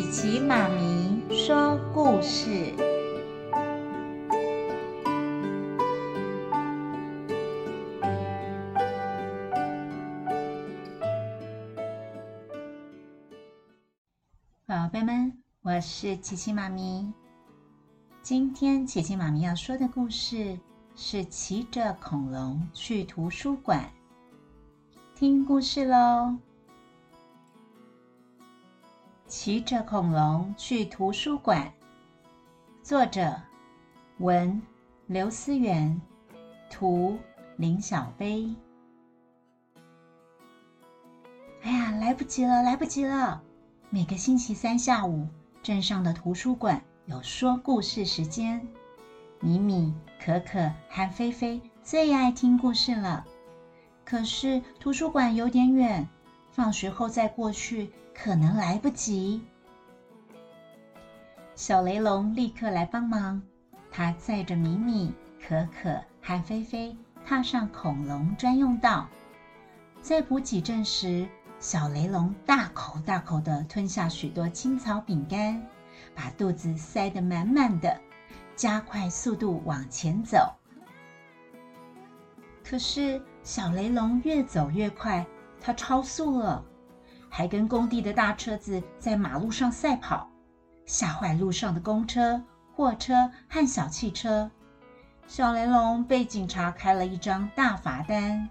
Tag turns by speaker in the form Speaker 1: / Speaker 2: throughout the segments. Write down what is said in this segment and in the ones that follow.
Speaker 1: 琪琪媽咪說故事，寶貝們，我是琪琪媽咪。今天琪琪媽咪要說的故事是騎着恐龍去圖書館聽故事嘍。騎着恐龍去圖書館。作者：文劉思源，圖林小杯。哎呀，來不及了，來不及了！每個星期三下午，鎮上的圖書館有說故事時間。米米、可可、和菲菲最愛聽故事了。可是，圖書館有點遠。放學後再過去可能來不及。小雷龍立刻來幫忙，他載着米米、可可和菲菲踏上恐龍專用道。在補給站時，小雷龍大口大口地吞下許多青草餅乾，把肚子塞得滿滿的，加快速度往前走。可是，小雷龍越走越快。他超速了，還跟工地的大車子在馬路上賽跑，嚇壞路上的公車、貨車和小汽車。小雷龍被警察開了一張大罰單。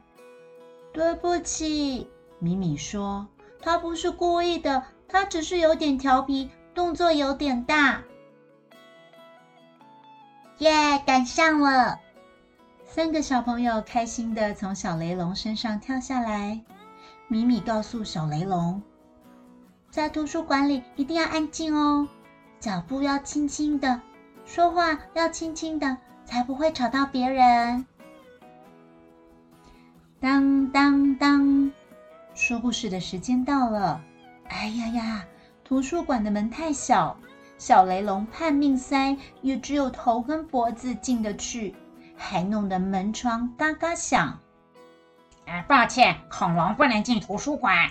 Speaker 1: 對不起，米米說，他不是故意的，他只是有點調皮，動作有點大。耶，yeah，趕上了！三個小朋友開心地從小雷龍身上跳下來。米米告訴小雷龍，在圖書館裡一定要安靜哦，腳步要輕輕的，說話要輕輕的，才不會吵到別人。當當當，說故事的時間到了！哎呀呀，圖書館的門太小，小雷龍拼命塞，也只有頭跟脖子進得去，還弄得門窗嘎嘎響。啊，抱歉，恐龍不能進圖書館。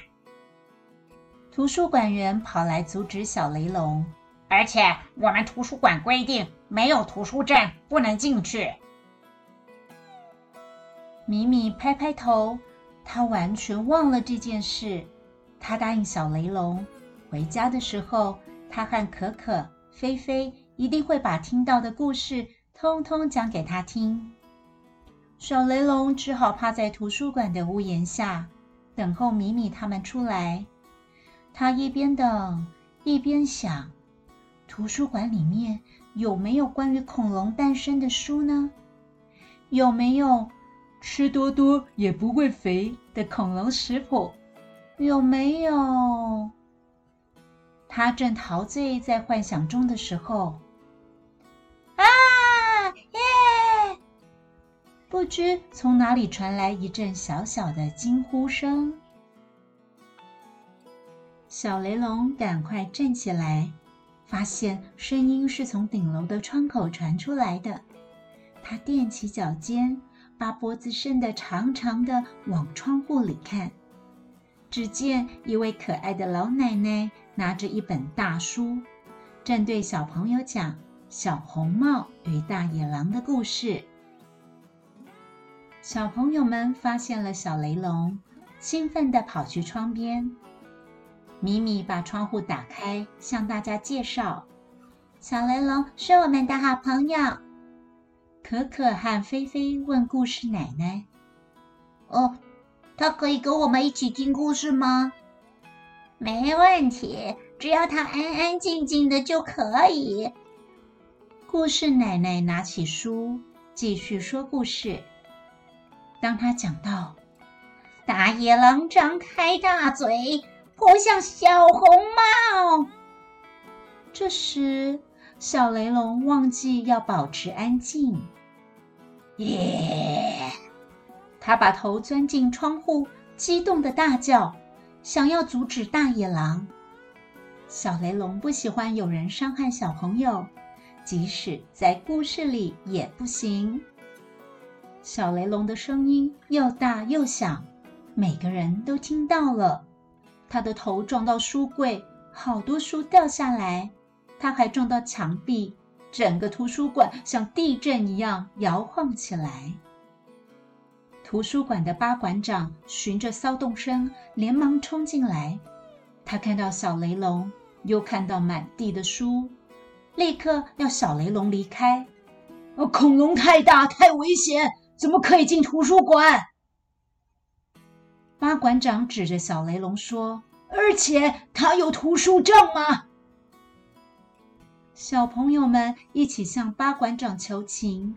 Speaker 1: 圖書館員跑來阻止小雷龍，而且我們圖書館規定，沒有圖書證不能進去。米米拍拍頭，他完全忘了這件事。他答應小雷龍，回家的時候，他和可可、飛飛一定會把聽到的故事通通講給他聽。小雷龍只好趴在圖書館的屋檐下，等候米米他們出來。他一邊等，一邊想：圖書館裡面有沒有關於恐龍誕生的書呢？有沒有吃多多也不會肥的恐龍食譜？有沒有……他正陶醉在幻想中的時候。不知從哪裡傳來一陣小小的驚呼聲，小雷龍趕快站起來，發現聲音是從頂樓的窗口傳出來的。他踮起腳尖，把脖子伸得長長的往窗戶裡看，只見一位可愛的老奶奶拿着一本大書，正對小朋友講《小紅帽與大野狼》的故事。小朋友們發現了小雷龍，興奮地跑去窗邊。米米把窗戶打開，向大家介紹：“小雷龍是我們的好朋友。”可可和飛飛問故事奶奶：“哦，他可以跟我們一起聽故事嗎？”“沒問題，只要他安安靜靜的就可以。”故事奶奶拿起書，繼續說故事。當他講到“大野狼張開大嘴，撲向小紅帽”，這時小雷龍忘記要保持安靜，耶、yeah!！他把頭鑽進窗戶，激動的大叫，想要阻止大野狼。小雷龍不喜歡有人傷害小朋友，即使在故事裡也不行。小雷龍的聲音又大又響，每個人都聽到了。他的頭撞到書櫃，好多書掉下來；他還撞到牆壁，整個圖書館像地震一樣搖晃起來。圖書館的八館長循着騷動聲，連忙衝進來。他看到小雷龍，又看到滿地的書，立刻要小雷龍離開。恐龍太大，太危險。怎麼可以進圖書館？巴館長指着小雷龍說：“而且他有圖書證嗎？”小朋友們一起向巴館長求情：“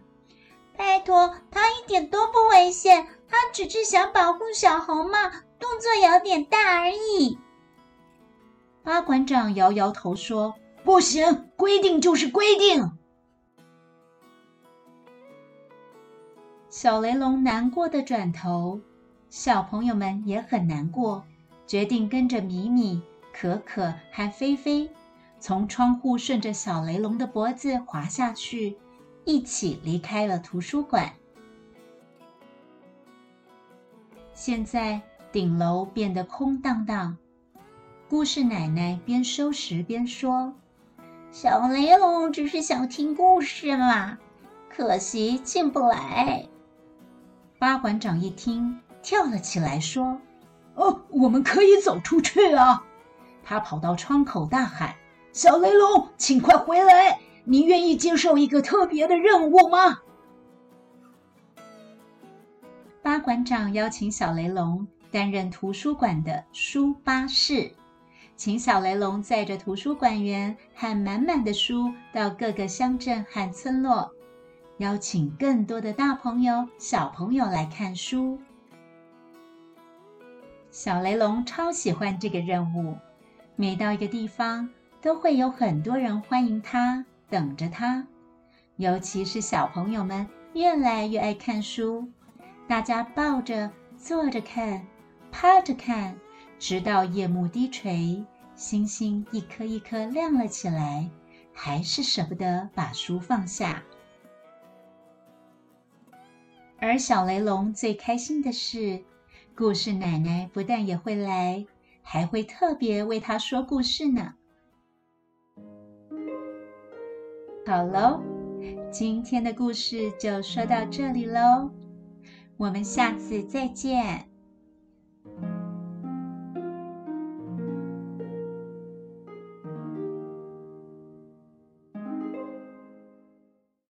Speaker 1: 拜托，他一點都不危險，他只是想保護小紅帽，動作有點大而已。”巴館長搖搖頭說：“不行，規定就是規定。”小雷龍難過地轉頭，小朋友們也很難過，決定跟着米米、可可、還飛飛，從窗戶順着小雷龍的脖子滑下去，一起離開了圖書館。現在頂樓變得空荡蕩，故事奶奶邊收拾邊說：“小雷龍只是想聽故事嘛，可惜進不來。”巴館長一聽，跳了起來，說：“哦，我們可以走出去啊！”他跑到窗口大喊：“小雷龍，請快回來！你願意接受一個特別的任務嗎？”巴館長邀請小雷龍擔任圖書館的書巴士，請小雷龍載着圖書館員和滿,滿滿的書到各個鄉鎮和村落。邀請更多的大朋友、小朋友來看書。小雷龍超喜歡這個任務，每到一個地方都會有很多人歡迎他，等着他。尤其是小朋友們越來越愛看書，大家抱着、坐着看、趴着看，直到夜幕低垂，星星一顆一顆亮了起來，還是舍不得把書放下。而小雷龍最開心的是，故事奶奶不但也會來，還會特別為他說故事呢。好嘍，今天的故事就說到這裡嘍，我們下次再見。